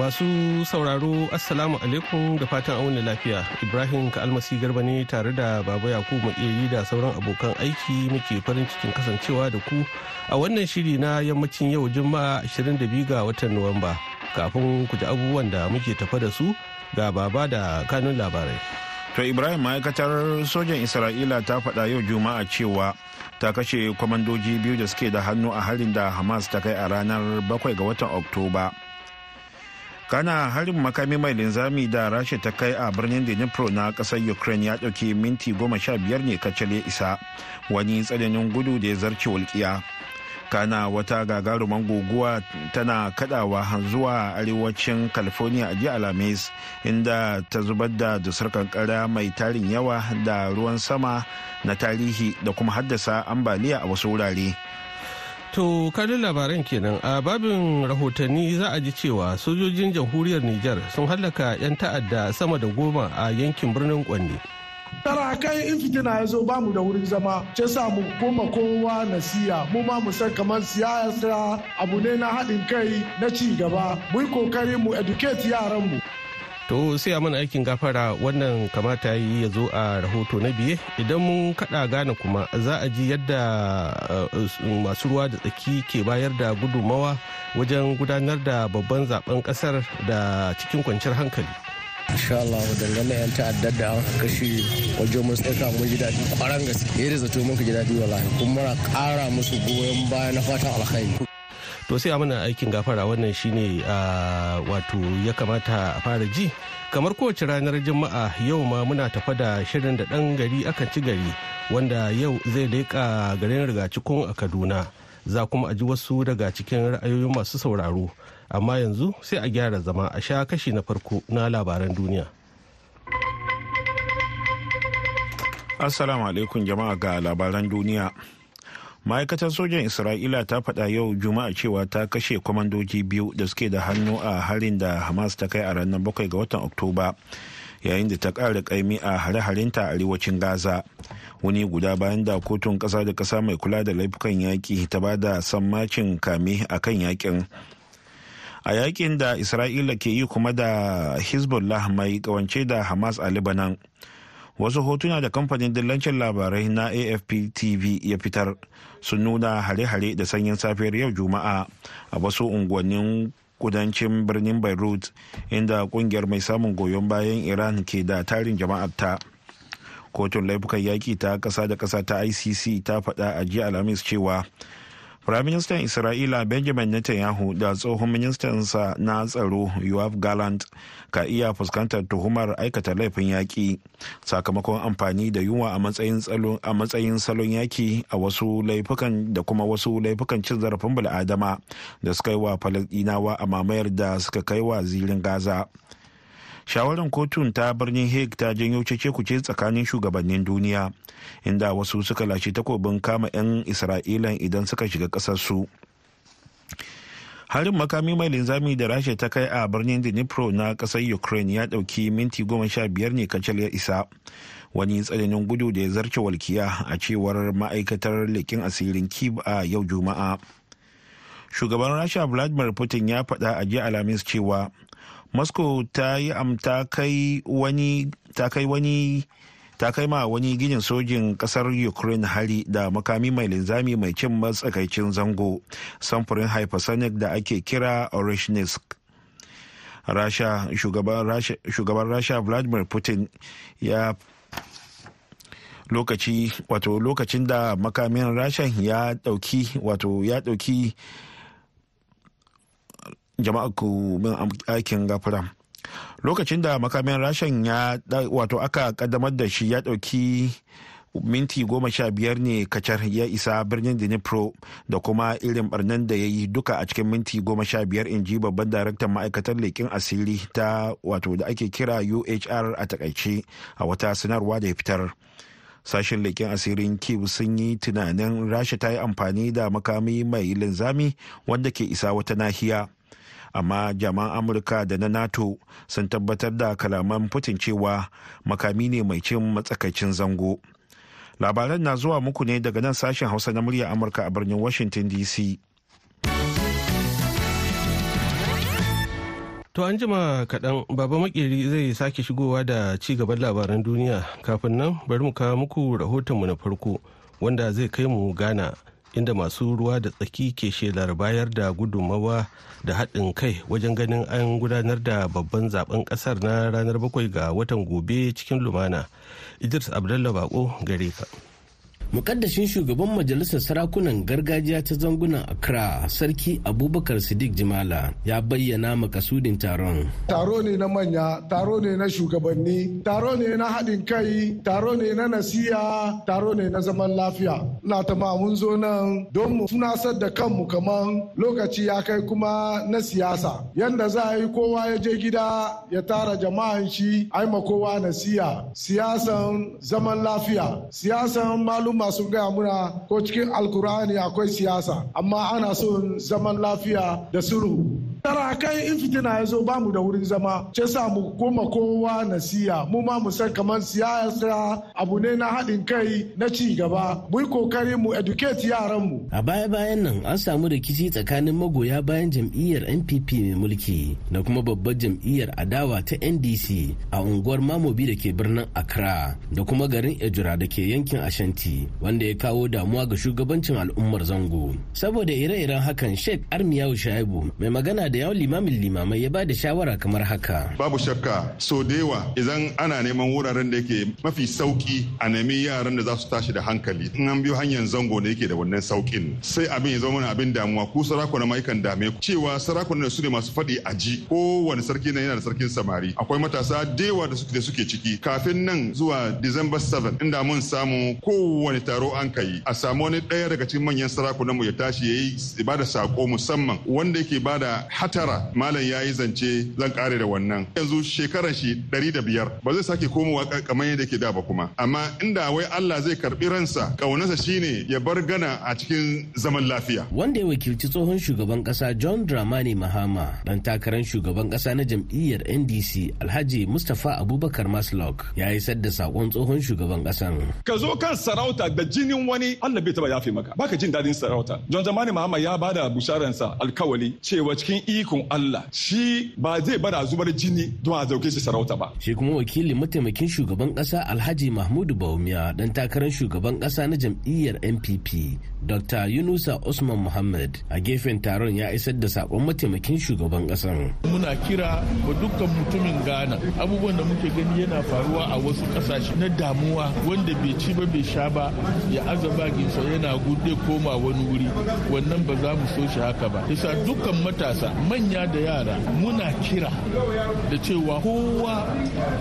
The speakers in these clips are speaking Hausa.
Masu sauraro Assalamu alaikum da fatan auna lafiya. Ibrahim kalmasi Garba ne tare da Baba Yakubu Makeri da sauran abokan aiki muke farin cikin kasancewa da ku a wannan shiri na yammacin yau Juma'a 22 ga watan Nuwamba. Kafin ku ji abubuwan da muke tafa da su ga Baba da kanun labarai. To Ibrahim ma'aikatar sojan Isra'ila ta faɗa yau Juma'a cewa ta kashe kwamandoji biyu da suke da hannu a harin da Hamas ta kai a ranar 7 ga watan Oktoba. kana harin makami mai linzami da rasha ta kai a birnin dnipro na kasar ukraine ya dauke minti goma sha biyar ne kacale isa wani tsananin gudu da ya zarce walƙiya kana wata gagaruman guguwa tana kadawa zuwa arewacin california a jiya alhamis inda ta zubar da dusar kankara mai tarin yawa da ruwan sama na tarihi da kuma haddasa ambaliya a wasu wurare. To kanin labaran kenan a babin rahotanni za a ji cewa sojojin jamhuriyar Nijar sun hallaka 'yan ta'adda sama da goma a yankin birnin Kwanne. Tara kai in fitina ya zo ba mu da wurin zama, ce sa mu koma kowa nasiya, mu ma mu san kamar siyasa abu ne na haɗin kai na ci gaba, mu yi kokari mu educate mu. To sai a mana aikin gafara wannan kamata yi ya zo a rahoto na biye idan mun kada gane kuma za a ji yadda eh, masu ruwa da tsaki ke bayar da gudumawa wajen gudanar da babban zaben kasar da cikin kwanciyar hankali. insha Allah dangane yan ta'addar da an kashe wajen mun tsaka mun ji daɗi kwaran gaske yadda zato mun ji daɗi wallahi kuma muna kara musu goyon baya na fatan alkhairi to sai mana aikin gafara wannan shine wato ya kamata a fara ji kamar kowace ranar juma'a yau ma muna tafa da shirin da dan gari akan ci gari wanda yau zai daika garin rigacikun a kaduna za kuma a ji wasu daga cikin ra'ayoyin masu sauraro amma yanzu sai a gyara zama a sha kashi na farko na labaran duniya assalamu alaikum jama'a ga labaran duniya ma'aikatar sojan isra'ila ta faɗa yau juma'a cewa ta kashe kwamandoji biyu da suke da hannu a harin da hamas ta kai a ranar bakwai ga watan oktoba yayin da ta ƙara ƙaimi a hare-harenta a arewacin gaza wani guda bayan da kotun ƙasa da ƙasa mai kula da laifukan yaƙi ta ba da sammacin kame a kan yaƙin a yaƙin da isra'ila ke yi kuma da hezbollah mai ƙawance da hamas a libanan wasu hotuna da kamfanin dillancin labarai na afp tv ya fitar sun nuna hare-hare da sanyin safiyar yau juma'a a wasu unguwannin kudancin birnin beirut inda kungiyar mai samun goyon bayan iran ke da tarin jama'ar ta kotun laifukan yaƙi ta ƙasa da ƙasa ta icc ta faɗa a jiya alhamis cewa Firaministan Isra'ila Benjamin Netanyahu da tsohon ministansa na tsaro Yoav Gallant ka iya fuskantar tuhumar aikata laifin yaƙi sakamakon amfani da yunwa a matsayin salon yaƙi a wasu laifukan da kuma wasu laifukan cin zarafin bil'adama da suka yi wa Falasɗinawa a mamayar da suka kai wa zirin Gaza. shawarar kotun ta birnin hague ta janyo cece-kuce tsakanin shugabannin duniya inda wasu suka lashe takobin kama 'yan isra'ila idan suka shiga ƙasarsu harin makami mai linzami da rasha ta kai a birnin dnipro na ƙasar ukraine ya ɗauki minti goma sha biyar ne kacal ya isa wani tsananin gudu da ya zarce walkiya a cewar ma'aikatar lekin asirin kib a yau juma'a shugaban rasha vladimir putin ya faɗa a jiya alhamis cewa moscow ta yi amta kai wani ta kai ma wani ginin sojin kasar ukraine hari da makami mai linzami mai cin matsakaicin zango samfurin hypersonic da ake kira orishnisk shugaban rasha vladimir putin ya lokaci wato lokacin da makamin rasha ya dauki wato ya dauki jama'a ku aikin gafara lokacin da makamin rashin ya wato aka kaddamar da shi ya dauki minti goma sha biyar ne kacar ya isa birnin dnipro da kuma irin barnan da ya yi duka a cikin minti goma sha biyar in ji babban daraktan ma'aikatar leƙin asiri ta wato da ake kira uhr a takaice a wata sanarwa da ya fitar sashen leƙen asirin kiev sun yi tunanin rasha ta yi amfani da makami mai linzami wanda ke isa wata nahiya amma jaman amurka da na nato sun tabbatar da kalaman putin cewa makami ne mai cin matsakaicin zango labaran na zuwa muku ne daga nan sashen hausa na murya amurka a birnin washington dc To an jima kaɗan baba makeri zai sake shigowa da ci gaban labaran duniya kafin nan bari mu kawo muku rahotonmu na farko wanda zai kai mu gana. inda masu ruwa da tsaki ke shelar bayar da gudummawa da haɗin kai wajen ganin an gudanar da babban zaben ƙasar na ranar bakwai ga watan gobe cikin lumana idris abdullah bako gare ka. mukaddashin shugaban majalisar sarakunan gargajiya ta zangunan accra sarki abubakar sadiq jimala ya bayyana makasudin taron taro ne na manya taro ne na shugabanni taro ne na haɗin kai taro ne na nasiya taro ne na zaman lafiya na tama mun zo nan don mu tunasar da kanmu kamar lokaci ya kai kuma na siyasa yanda za a yi kowa ya je gida ya tara jama'an shi ai ma kowa nasiya siyasan zaman lafiya siyasan malum masu gaya muna ko cikin alkur'ani akwai siyasa amma ana son zaman lafiya da sulhu Tara kan in fitina ya zo ba mu da wurin zama, ce sa mu goma kowa nasiya, mu ma mu san kamar siyasa abu ne na haɗin kai na ci gaba, mu yi kokari mu educate yaran mu. A baya-bayan nan an samu rikici tsakanin magoya bayan jam'iyyar NPP mai mulki da kuma babbar jam'iyyar adawa ta NDC a unguwar Mamobi da ke birnin Accra da kuma garin Ejura da ke yankin Ashanti wanda ya kawo damuwa ga shugabancin al'ummar zango. Saboda ire-iren hakan Sheikh Armiyahu Shaibu mai magana da yawon limamin limamai ya ba da shawara kamar haka. Babu shakka so da yawa idan ana neman wuraren da yake mafi sauki a nemi yaran da za su tashi da hankali in an biyo hanyar zango ne yake da wannan saukin sai abin ya zama mana abin damuwa ko sarakuna ma yakan dame ku cewa sarakuna su ne masu faɗi a ji kowane sarki nan yana da sarkin samari akwai matasa da yawa da suke suke ciki kafin nan zuwa December 7 inda mun samu kowane taro an kai a samu wani ɗaya daga cikin manyan sarakunan mu ya tashi ya yayi ibada sako musamman wanda yake bada hatara malam ya yi zance zan kare da wannan yanzu shekarar shi ɗari da biyar ba zai sake komowa kamar yadda ke da ba kuma amma inda wai Allah zai karbi ransa kaunarsa shine ya bar gana a cikin zaman lafiya wanda ya wakilci tsohon shugaban kasa John Dramani Mahama dan takarar shugaban kasa na jam'iyyar NDC Alhaji Mustapha Abubakar Maslok ya yi sadda sakon tsohon shugaban kasan ka zo kan sarauta da jinin wani Allah bai taba yafe maka baka jin dadin sarauta John Dramani Mahama ya bada busharansa alkawali cewa cikin ikon Allah shi ba zai bada zubar jini don a zauke shi sarauta ba. Shi kuma wakilin mataimakin shugaban kasa Alhaji Mahmudu Baumiya dan takarar shugaban kasa na jam'iyyar NPP Dr. Yunusa Usman Muhammad a gefen taron ya isar da sakon mataimakin shugaban kasan. Muna kira ga dukkan mutumin Ghana abubuwan da muke gani yana faruwa a wasu kasashe na damuwa wanda bai ci ba bai sha ba ya azaba ginsa yana gude koma wani wuri wannan ba za mu so shi haka ba. Yasa dukkan matasa manya da yara muna kira da cewa kowa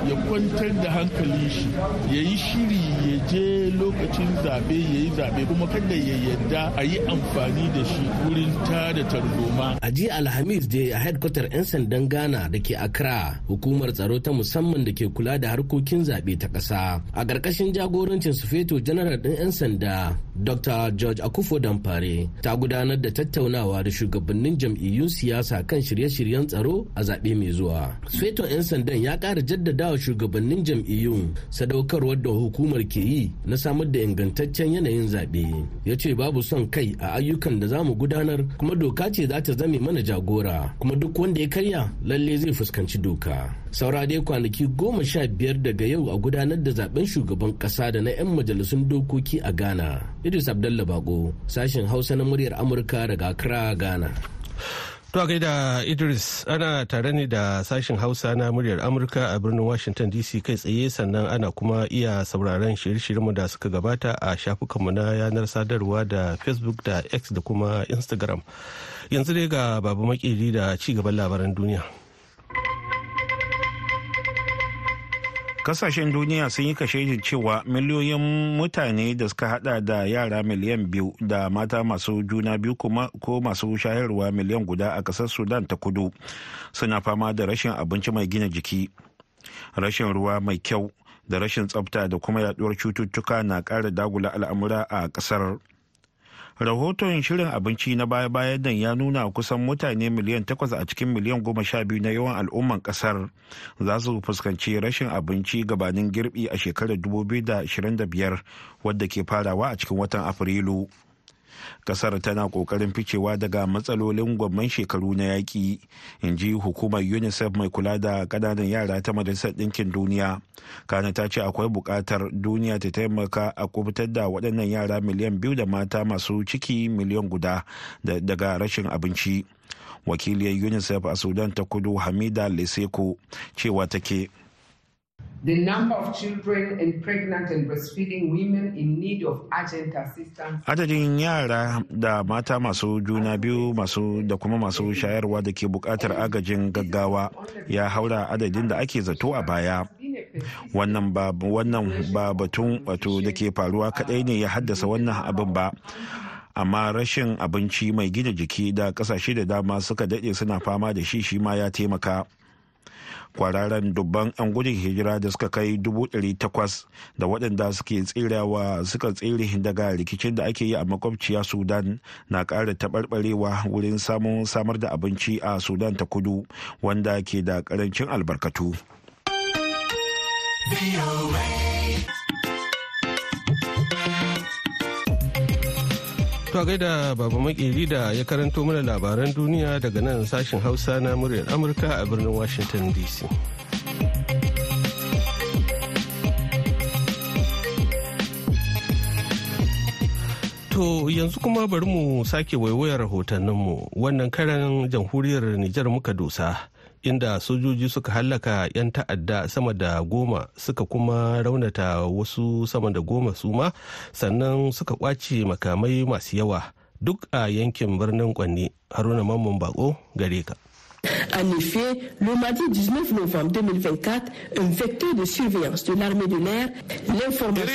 ya kwantar da hankali shi ya yi shiri ya je lokacin zaɓe ya yi zaɓe kuma kada ya yadda a yi amfani da shi wurin tada tarzoma. A jiya Alhamis da a headquarter 'yan sandan Ghana da ke Accra hukumar tsaro ta musamman da ke kula da harkokin zaɓe ta ƙasa a ƙarƙashin jagorancin sufeto janarar ɗin 'yan sanda Dr. George Akufo Damfare ta gudanar da tattaunawa da shugabannin jam'iyyun siyasa matasa kan shirye-shiryen tsaro a zaɓe mai zuwa. Sufeton 'yan sandan ya ƙara jaddadawa shugabannin jam'iyyun sadaukarwar da hukumar ke yi na samar da ingantaccen yanayin zaɓe. Ya ce babu son kai a ayyukan da za mu gudanar kuma doka ce za ta zame mana jagora kuma duk wanda ya karya lalle zai fuskanci doka. Saura dai kwanaki goma sha biyar daga yau a gudanar da zaɓen shugaban ƙasa da na 'yan majalisun dokoki a Ghana. Idris Abdallah Bako, sashen Hausa na muryar Amurka daga Accra, Ghana. To da Idris ana tare ne da sashen Hausa na muryar Amurka a birnin Washington DC kai tsaye sannan ana kuma iya sauraron shirye-shiryenmu da suka gabata a shafukanmu na yanar sadarwa da Facebook da X da kuma Instagram. Yanzu dai ga babu makeri da ci gaban labaran duniya. kasashen duniya sun yi kashe cewa miliyoyin mutane da suka hada da yara miliyan biyu da mata masu juna biyu kuma ko masu shayarwa miliyan guda a kasar sudan ta kudu suna fama da rashin abinci mai gina jiki rashin ruwa mai kyau da rashin tsafta da kuma yaduwar cututtuka na kara dagula al'amura a kasar. rahoton shirin abinci na baya-bayan nan ya nuna kusan mutane miliyan takwas a cikin miliyan 12 na yawan al'umman kasar za su fuskanci rashin abinci gabanin girbi a shekarar 2025 wadda ke farawa a cikin watan afrilu kasar tana kokarin ficewa daga matsalolin gwamman shekaru na yaƙi in ji hukumar unicef mai kula da ƙananan yara ta majalisar ɗinkin duniya kana ta ce akwai buƙatar duniya ta taimaka a kubutar da waɗannan yara miliyan biyu da mata masu ciki miliyan guda daga rashin abinci wakiliyar unicef a sudan ta kudu hamida leseko cewa take The number of children and pregnant and breastfeeding women in need of urgent assistance. Adadin yara da mata masu juna biyu masu da kuma masu shayarwa da ke bukatar agajin gaggawa ya haura adadin da ake zato a baya. wannan ba wannan ba batun wato da ke faruwa kadai ne ya haddasa wannan abin ba amma rashin abinci mai gina jiki da kasashe da dama suka dade suna fama da shi shi ma ya taimaka kwararan dubban 'yan gudun hijira da suka kai takwas da waɗanda suke tsirawa suka tsere daga rikicin da ake yi a makwabciya sudan na ƙara taɓarɓarewa wurin samun samar da abinci a sudan ta kudu wanda ke da ƙarancin albarkatu. To gaida Baba Makeri da ya karanto mana labaran duniya daga nan sashen Hausa na muryar Amurka a birnin Washington DC. To yanzu kuma bari mu sake waiwayar rahotanninmu wannan karan jamhuriyar Nijar muka dosa. inda sojoji suka hallaka 'yan ta'adda sama da goma suka kuma raunata wasu sama da goma su ma sannan suka kwace makamai masu yawa duk a yankin birnin kwanne haruna mamman bako gare ka En effet, le mardi 19 novembre 2024, un vecteur de surveillance de l'armée de l'air, l'information...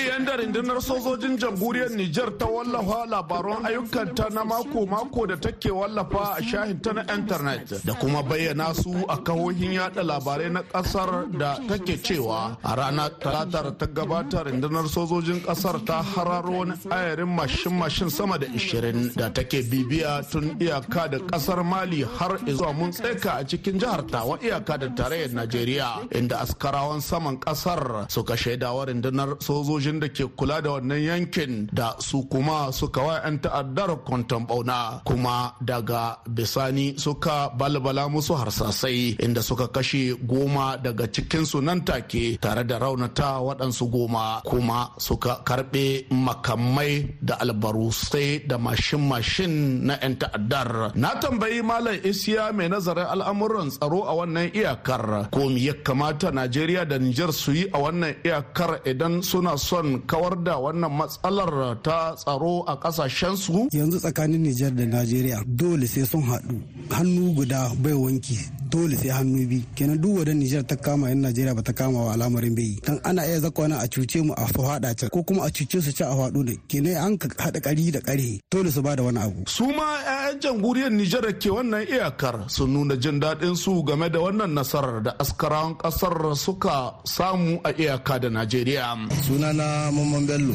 da kuma bayyana su a kahohin labarai na ƙasar da take cewa a rana talatar ta gabata rundunar sojojin kasar ta hararo wani ayarin mashin-mashin sama da 20 da take bibiya tun iyaka da kasar mali har zuwa mun tsaye amerika a cikin jihar tawa iyaka da tarayyar najeriya inda askarawan saman kasar suka shaidawa rundunar sojojin da ke kula da wannan yankin da su kuma suka wa 'yan ta'addar kwanton bauna kuma daga bisani suka balbala musu harsasai inda suka kashe goma daga cikin nan take tare da raunata waɗansu goma kuma suka karɓe makamai da albarusai da mashin-mashin na 'yan ta'addar na tambayi malam isiya mai nazarin al'amuran tsaro a wannan iyakar komi ya kamata najeriya da nijar su yi a wannan iyakar idan suna son kawar da wannan matsalar ta tsaro a kasashensu yanzu tsakanin nijar da najeriya dole sai sun haɗu hannu guda bai wanki dole sai hannu bi kenan duk wadan Nijar ta kama yan Najeriya ba ta kama wa al'amarin bai dan ana iya zakwana a cuce mu a fada ta ko kuma a cuce su ci a fado ne kenan an ka hada kari da kare dole su bada wani abu su ma ƴaƴan jamhuriyar Nijar ke wannan iyakar sun nuna jin daɗin su game da wannan nasarar da askarawan ƙasar suka samu a iyaka da Najeriya sunana Mamman Bello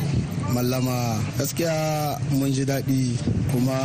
mallama gaskiya mun ji daɗi kuma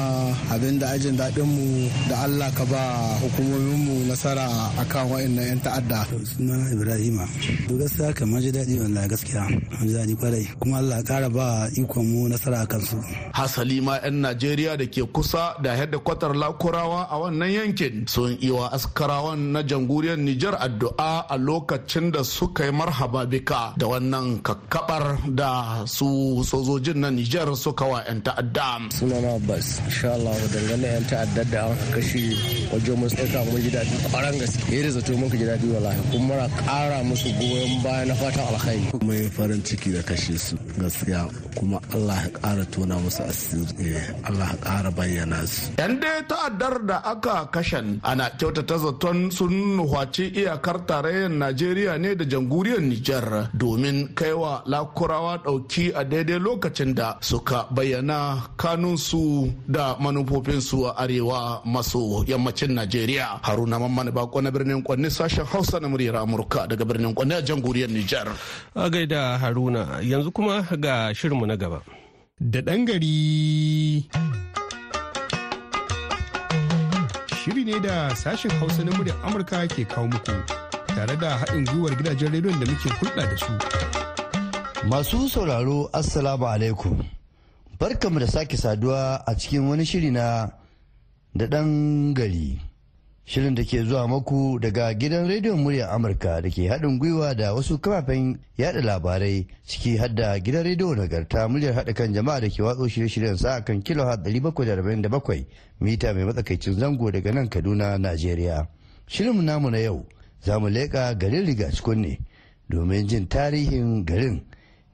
abin da ajin daɗin mu da Allah ka ba hukumominmu mu na nasara akan wa'annan 'yan ta'adda. Suna Ibrahima. To gaskiya kan ji daɗi wallahi gaskiya. Mun ji daɗi kwarai. Kuma Allah ƙara ba ikon mu nasara a kansu Hasali ma 'yan Najeriya da ke kusa da yadda kwatar lakurawa a wannan yankin sun iwa askarawan na jamhuriyar Nijar addu'a a lokacin da suka yi marhaba bika da wannan kakkabar da su sojojin na Nijar suka wa 'yan ta'adda. Sunana Abbas, insha Allah dangane 'yan ta'addar da an kashi wajen mun tsaka mun ji daɗi kwaran gaske yadda zato muka ji daɗi wallahi kuma muna ƙara musu goyon baya na fatan alkhairi mai farin ciki da kashe su gaskiya kuma Allah ya ƙara tona musu asiri eh, Allah ya ƙara bayyana su yan dai ta'addar da aka kashen ana kyautata zaton sun nuhaci iyakar tarayyar Najeriya ne da jamhuriyar Nijar domin kaiwa lakurawa ɗauki a daidai lokacin da suka bayyana kanunsu da manufofinsu a arewa maso yammacin Najeriya Haruna Mamman Bako na birnin Kwanne sashen Hausa na muryar Amurka daga birnin Kwanne a jamhuriyar Nijar. A gaida Haruna yanzu kuma ga shirinmu na gaba. Da ɗan gari. Shiri ne da sashen Hausa na muryar Amurka ke kawo muku tare da haɗin gwiwar gidajen rediyon da muke hulɗa da su. Masu sauraro Assalamu alaikum. Barkamu da sake saduwa a cikin wani shiri na da ɗan gari. Shirin da ke zuwa maku daga gidan rediyon muryar Amurka da ke haɗin gwiwa da wasu kafafen yada labarai ciki hadda gidan rediyo nagarta muryar haɗa kan jama'a da ke watso shirye-shiryen sa kan kilo 747 mita mai matsakaicin zango daga nan Kaduna, Najeriya. Shirin namu na yau za mu leƙa garin Rigacikun ne domin jin tarihin garin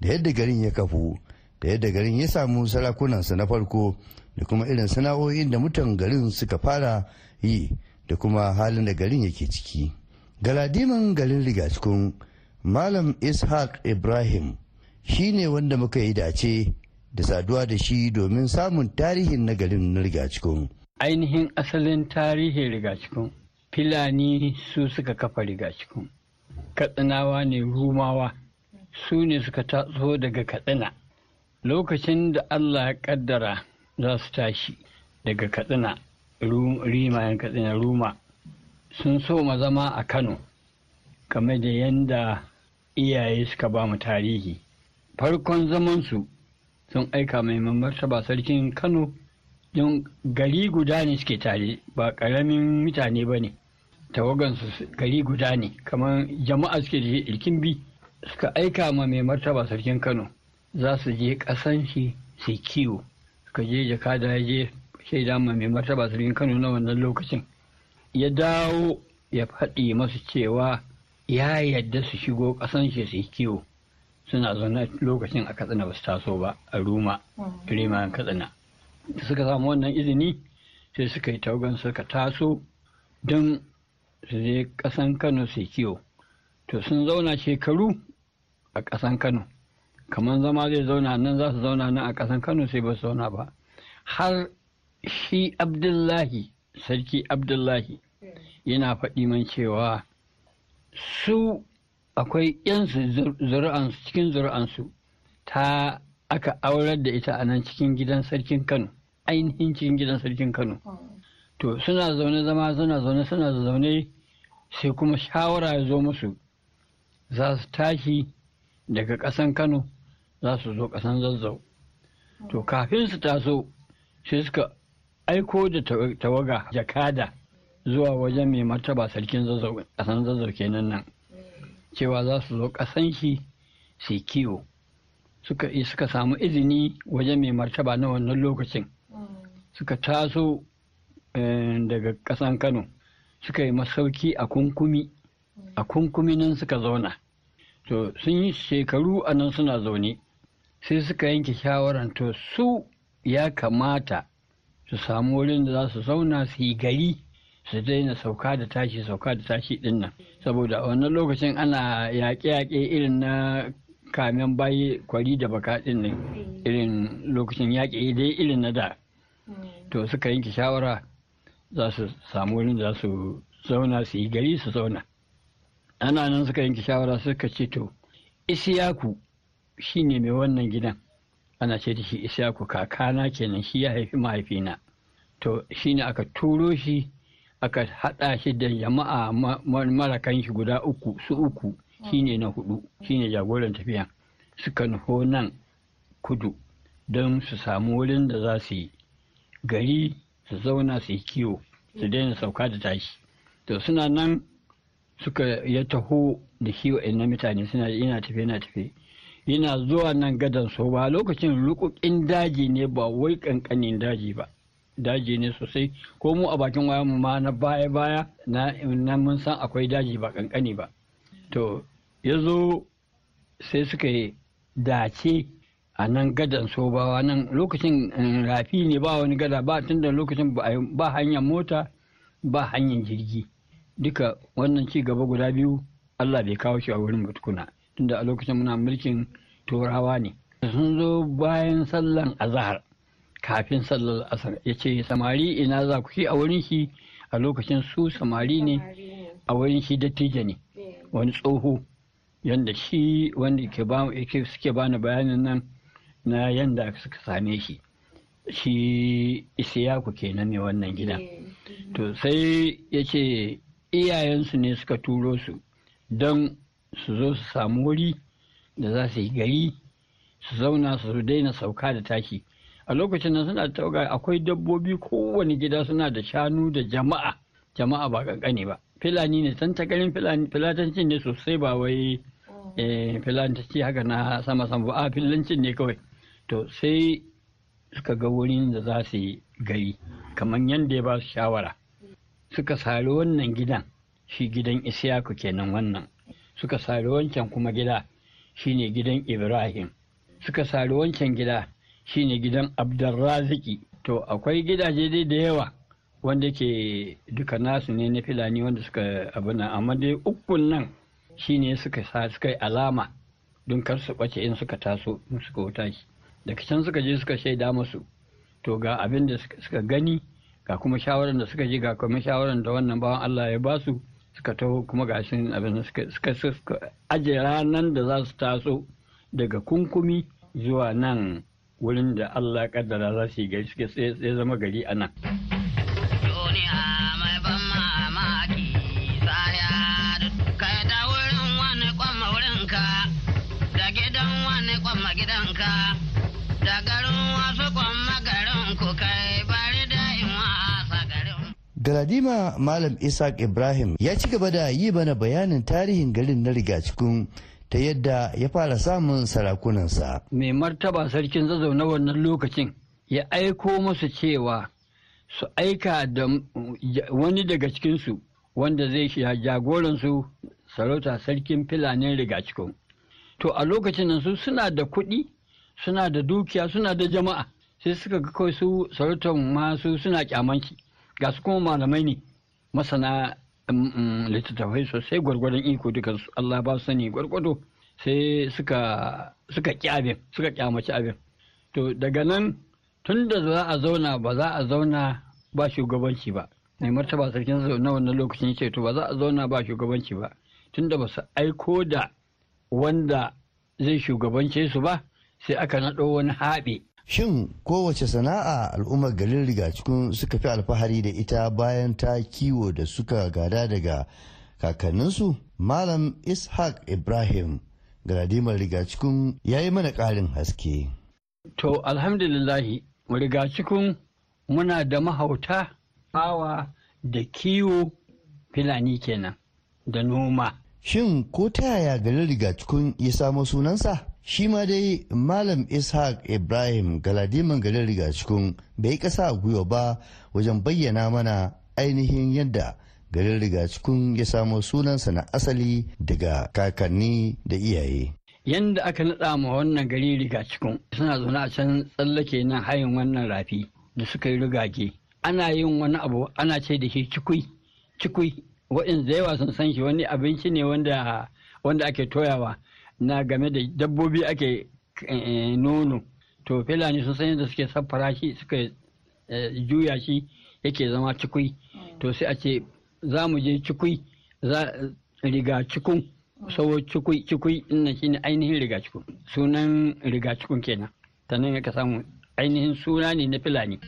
da yadda garin ya kafu da yadda garin ya samu sarakunansa na farko da kuma irin sana'o'in da mutan garin suka fara yi. da kuma halin da garin yake ciki galadiman garin rigacikun malam ishaq ibrahim shi ne wanda muka yi dace da saduwa da shi domin samun tarihin na garin na rigacikun ainihin asalin tarihin rigacikun filani su suka kafa rigacikun katsinawa ne rumawa su ne suka taso daga katsina lokacin da allah ya kaddara za su tashi daga katsina rima yan katsina ruma sun so ma zama a kano kamar da yadda iyaye suka ba mu tarihi farkon zamansu sun aika mai martaba sarkin kano don gari guda ne suke tare ba ƙaramin mutane ba ne tawagansu gari guda ne kamar jama'a suke da irkin bi suka aika ma mai martaba sarkin kano za su je ƙasan shi su kiwo suka je jakada ya je shaida ma mai martaba sarkin kano na wannan lokacin ya dawo ya faɗi masu cewa ya yadda su shigo ƙasan shi su yi kiwo suna zaune lokacin a katsina ba su taso ba a ruma riman mm. katsina da suka samu wannan izini sai suka yi taugan suka taso don su je ƙasan kano su kiwo to sun zauna shekaru a ƙasan kano kamar zama zai zauna nan za su zauna nan a ƙasan kano sai ba su zauna ba har shi abdullahi sarki abdullahi yana faɗi man cewa su akwai yan zuri'ansu cikin zuri'ansu ta aka aurar da ita a nan cikin gidan sarkin kano ainihin cikin gidan sarkin kano to suna zaune zama suna zaune suna zaune sai kuma shawara ya zo musu za su tashi daga ƙasan kano za su zo ƙasan zazzau to kafin su taso sai suka aiko da tawaga jakada zuwa wajen mai martaba sarkin kasan zazzau kenan nan cewa za su zo ƙasan shi su kiwo suka samu izini wajen mai martaba na wannan lokacin suka taso eh, daga kasan kano suka yi masauki a kunkumi a kunkumi nan suka zauna to sun yi shekaru a nan suna zaune sai suka yanke shawaran to su ya kamata su samu wurin da za su zauna su yi gari su daina sauka da tashi sauka da tashi din saboda a wannan lokacin ana yaƙe-yaƙe irin na kamen bayi kwari da baka din nan irin lokacin yaƙe dai irin na da to suka yanke shawara za su samu wurin da za su zauna su yi gari su zauna ana nan suka yanke shawara suka ce to isiyaku shine mai wannan gidan ana ce da shi Ishaku kakana kenan shi ya haifi mahaifina to shi ne aka turo shi aka haɗa shi da jama'a marakan shi guda uku su uku shi ne na hudu shi ne jagoran tafiya suka nufo nan kudu don su samu wurin da za su yi gari su zauna su yi kiwo su daina sauka da tashi to suna nan suka ya taho da kiwo na mutane suna yana tafe yana tafe yana zuwa nan gadan so ba lokacin rukukin daji ne ba wai kankanin daji ba daji ne sosai ko mu a bakin waya mu ma na baya baya na mun san akwai daji ba kankani ba to ya zo sai suka yi dace a nan gadan ba nan lokacin mm, rafi ne ba wani gada ba tunda da lokacin ba hanyar mota ba hanyar jirgi duka wannan ci gaba guda biyu allah bai kawo shi a wurin mutukuna tunda a lokacin muna mulkin turawa ne sun zo bayan sallan azahar kafin sallar asar ya ce samari ina za ku a wurin shi a lokacin su samari ne a wurin shi dattijo ne wani tsoho yadda shi wanda ke suke bani bayanin nan na yadda suka same shi shi isiyaku kenan ne wannan gida eh. to sai ya ce iyayensu ne suka turo su don su zo su samu wuri da za su yi gari su zauna su daina sauka da tashi a lokacin nan suna tauga akwai dabbobi kowane gida suna da shanu da jama'a jama'a ba kankane ba filani ne san ta filatancin ne sosai ba wai oh. eh, filatanci haka na sama sama ba a filancin ne kawai to sai suka ga wurin da za su yi gari kamar yadda ya ba su shawara suka sari wannan gidan shi gidan isiyaku kenan wannan suka sari wancan kuma gida shine gidan ibrahim suka sari wancan gida shine gidan abdulraziki to akwai gidaje dai da yawa wanda ke duka nasu ne na filani wanda suka abu na amma dai ukun nan shine suka sa suka yi alama don kar su bace in suka taso suka wuta shi daga can suka je suka shaida musu to ga abin da suka gani ga kuma shawaran da suka ji ga kuma shawaran da wannan bawan Allah ya basu su suka taho kuma ga shi abin suka suka aje ranar da za su taso daga kunkumi zuwa nan wurin da Allah kaddara za su yi gari suke sai zama gari a nan. gidanka da garin wasu kwan Galadima Malam Isaac Ibrahim ya ci gaba da yi bana bayanin tarihin garin na riga cikin ta yadda ya fara samun sarakunansa. Mai martaba sarkin zazauna na wannan lokacin ya aiko masu cewa su aika da wani daga cikinsu wanda zai jagoransu sarauta sarkin filanin cikin To a lokacin nan su suna da kuɗi, suna da dukiya, suna da jama'a sai suka ga kawai su sarautar masu suna kyamanci. ga su kuma malamai ne masana mm, mm, littattafai sosai gwargwadon iko duka Allah ba su sani gwargwado sai suka abin suka ƙyamaci abin to daga nan tun da za a zauna ba za a zauna ba shugabanci ba mai martaba sarkin na wannan lokacin ce to ba za a zauna ba shugabanci ba tun da ba su aiko da wanda zai shugabance su ba sai aka naɗo wani haɓe Shin kowace sana'a al'ummar garin riga cikin suka fi alfahari da ita bayan ta kiwo da suka gada daga kakanninsu? Malam Ishaq Ibrahim Galadimar cikin ya yi mana ƙarin haske. To, alhamdulillahi, riga cikin muna da mahauta, awa da kiwo filani kenan da noma. Shin ko ta yaya garin riga cikin ya samo sunansa? shi ma dai malam ishaq ibrahim galadiman garin rigacikun bai kasa a gwiwa ba wajen bayyana mana ainihin yadda garin rigacikun ya samo sunansa na asali daga kakanni da iyaye yadda aka naɗa ma wannan gari rigacikun suna zaune a can tsallake na hayan wannan rafi da suka yi rigage ana yin wani abu ana ce da shi cikui cikui waɗanda yawa sun san shi wani abinci ne wanda ake toyawa na game da dabbobi ake eh, nono to filani sun san yadda suke saffara shi suka eh, juya shi yake zama cikui to sai a ce za mu je cikui za riga cikun sau cikui cikui ina shine ainihin riga cikun sunan riga cikun kenan ta nan ka samu ainihin suna ne na filani.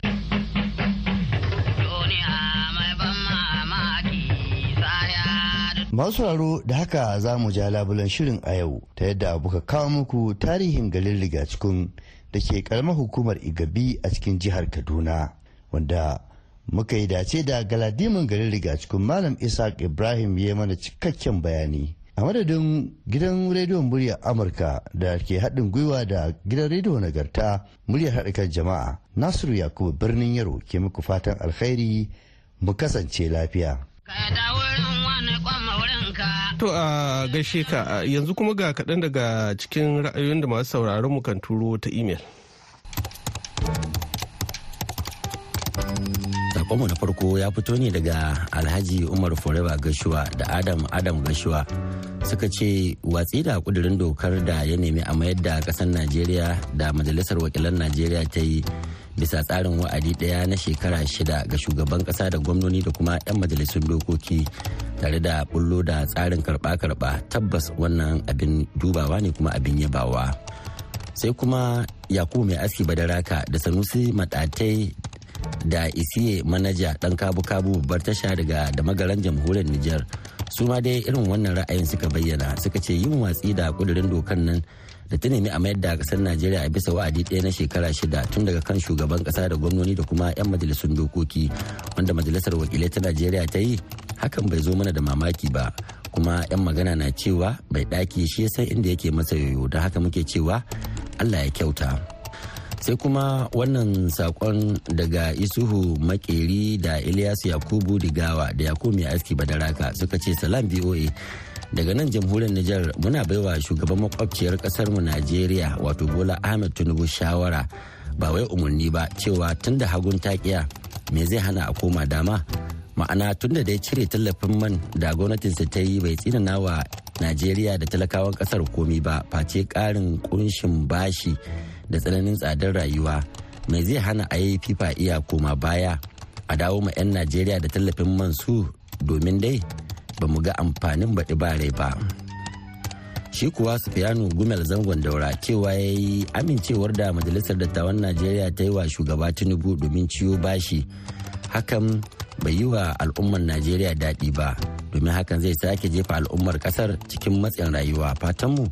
Masu sauraro da haka za mu ja labulan shirin a yau ta yadda buka kawo muku tarihin garin rigacikun da ke karamar hukumar Igabi a cikin jihar Kaduna wanda muka yi dace da galadimin garin rigacikun Malam Isaac Ibrahim ya mana cikakken bayani. a madadin gidan rediyon murya amurka da ke haɗin gwiwa da gidan rediyo nagarta muryar haɗakan jama'a nasiru yakubu birnin yaro ke muku fatan alkhairi mu kasance lafiya To a gaishe ka yanzu kuma ga kaɗan daga cikin ra'ayoyin da masu sauraron mu kan turo ta imel. Sakonmu na farko ya fito ne daga Alhaji Umar Forever Gashuwa da Adam Adam Gashuwa suka ce watsi da kudirin dokar da ya nemi a mayar da ƙasar Najeriya da Majalisar Wakilan Najeriya ta yi bisa tsarin wa'adi ɗaya na shekara shida ga shugaban ƙasa da gwamnoni da kuma 'yan majalisun dokoki tare da bullo da tsarin karɓa-karɓa tabbas wannan abin dubawa ne kuma abin yabawa sai kuma yakubu mai aski badaraka da sanusi matatai da isiye manaja ɗan kabu-kabu babbar tasha daga da magaran jamhuriyar nijar su ma dai irin wannan ra'ayin suka bayyana suka ce yin watsi da kudirin dokan nan da ta nemi a mayar da kasar najeriya a bisa wa'adi ɗaya na shekara shida tun daga kan shugaban kasa da gwamnoni da kuma 'yan majalisun dokoki wanda majalisar wakilai ta najeriya ta yi hakan bai zo mana da mamaki ba kuma 'yan magana na cewa bai ɗaki shi ya san inda yake masa yoyo da haka muke cewa allah ya kyauta sai kuma wannan sakon daga isuhu makeri da ilyasu yakubu digawa da yakubu mai aski badaraka suka ce salam voa daga nan jamhuriyar Nijar muna baiwa shugaban makwabciyar kasar mu Najeriya wato Bola Ahmed Tinubu shawara ba wai umarni ba cewa tun da hagun takiya me zai hana a koma dama ma'ana tun da ya cire tallafin man da gwamnatinsa ta yi bai tsinana wa Najeriya da talakawan kasar komi ba face karin kunshin bashi da tsananin tsadar rayuwa me zai hana a yi fifa iya koma baya a dawo ma 'yan Najeriya da tallafin man su domin dai ba mu ga amfanin baɗi bare ba shi kuwa sufiyanu gumel zangon daura cewa ya yi amincewar da majalisar dattawan najeriya ta yi wa shugaba tinubu domin ciwo bashi hakan bai yi wa al'ummar najeriya daɗi ba domin hakan zai sake jefa al'ummar ƙasar cikin matsin rayuwa fatanmu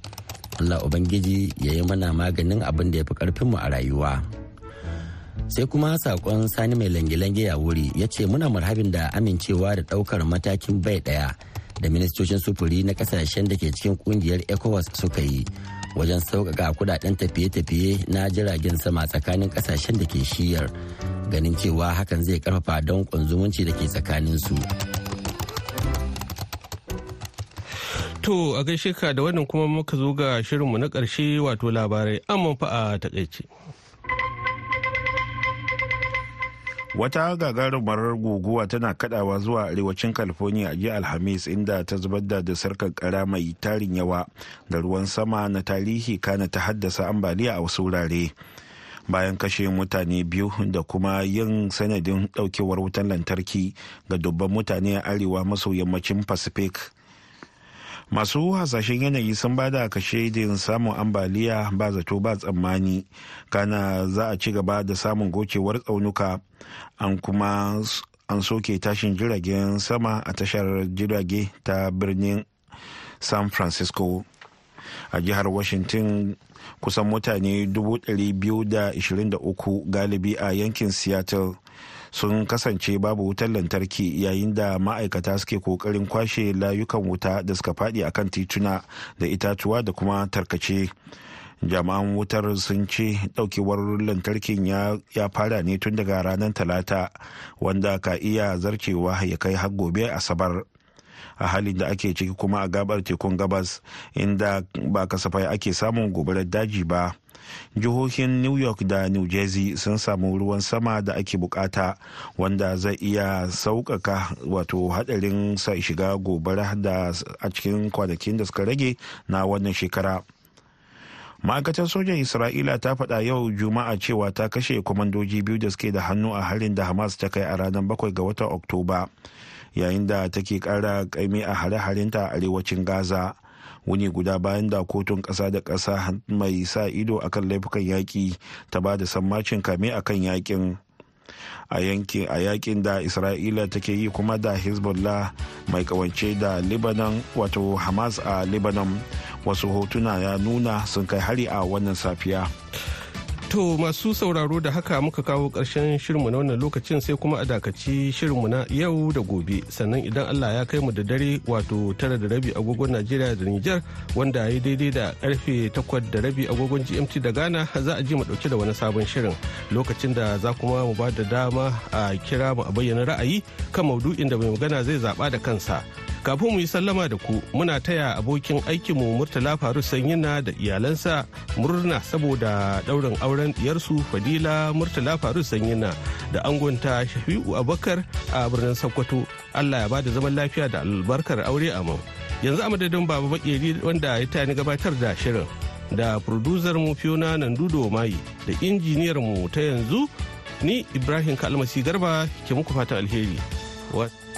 allah ubangiji ya yi mana maganin abin da ya fi ƙarfinmu a rayuwa. sai kuma sakon sani mai lange-lange a wuri ya ce muna marhabin da amincewa da daukar matakin bai daya da ministocin sufuri na kasashen da ke cikin kungiyar ecowas suka yi wajen sauƙaƙa kudaden tafiye-tafiye na jiragen sama tsakanin kasashen da ke shiyar ganin cewa hakan zai karfafa don kunzumunci da ke tsakanin su to a gaishe ka da wannan kuma muka zo ga shirinmu na ƙarshe wato labarai amma fa a takaice wata gagarumar guguwa tana kadawa zuwa arewacin california a jiya alhamis inda ta zubar da dasarkar kara mai tarin yawa da ruwan sama na tarihi kana ta haddasa ambaliya a wasu wurare bayan kashe mutane biyu da kuma yin sanadin daukewar wutan lantarki ga dubban mutane a arewa maso yammacin pacific masu hasashen yanayi sun ba da kashe da samun ambaliya ba zato ba tsammani kana za a ci gaba da samun gocewar tsaunuka an kuma an soke tashin jiragen sama a tashar jirage ta birnin san francisco a jihar washington kusan mutane 223 galibi a yankin seattle sun kasance babu wutar lantarki yayin da ma'aikata suke kokarin kwashe layukan wuta da suka faɗi akan tituna da itatuwa da kuma tarkace jami'an wutar sun ce daukewar lantarkin ya fara ne tun daga ranar talata wanda ka iya zarcewa ya kai har gobe asabar a halin da ake ciki kuma a gabar tekun gabas inda ba kasafai ake samun gobarar daji ba jihohin new york da new jersey sun samu ruwan sama da ake bukata wanda zai iya sauƙaƙa wato hadarin sa shiga gobara da a cikin kwanakin da suka rage na wannan shekara ma'aikatar sojan isra'ila ta faɗa yau juma'a cewa ta kashe kwamandoji biyu da suke da hannu a harin da hamas ta kai a ranar bakwai ga watan oktoba yayin da take ƙara ƙaimi a hare-harenta a arewacin gaza wuni guda bayan da kotun ƙasa da ƙasa mai sa ido akan laifukan yaƙi ta ba da sammacin kame akan yakin a yankin a yakin da isra'ila take yi kuma da hezbollah mai kawance da libanon wato hamas a libanon wasu hotuna ya nuna sun kai hari a wannan safiya To masu sauraro da haka muka kawo ƙarshen shirinmu na wannan lokacin sai kuma a dakaci shirinmu na yau da gobe sannan idan Allah ya kai mu da dare wato tara da rabi agogon Najeriya da Nijar wanda ya daidai da karfe takwas da rabi agogon GMT da Ghana za a ji mu dauke da wani sabon shirin lokacin da za kuma mu ba da dama a kira mu a bayyana ra'ayi kan maudu'in da mai magana zai zaba da kansa kafin mu yi sallama da ku muna taya abokin aikinmu murtala faru sanyina da iyalansa murna saboda daurin auren diyarsu fadila murtala faru sanyina da angonta shafi'u abakar a birnin sokoto allah ya ba da zaman lafiya da albarkar aure a mu yanzu a madadin baba bakeri wanda ya ta tani gabatar da shirin da producer mu fiona nandudo mai da injiniyar mu ta yanzu ni ibrahim kalmasi garba ke muku fatan alheri what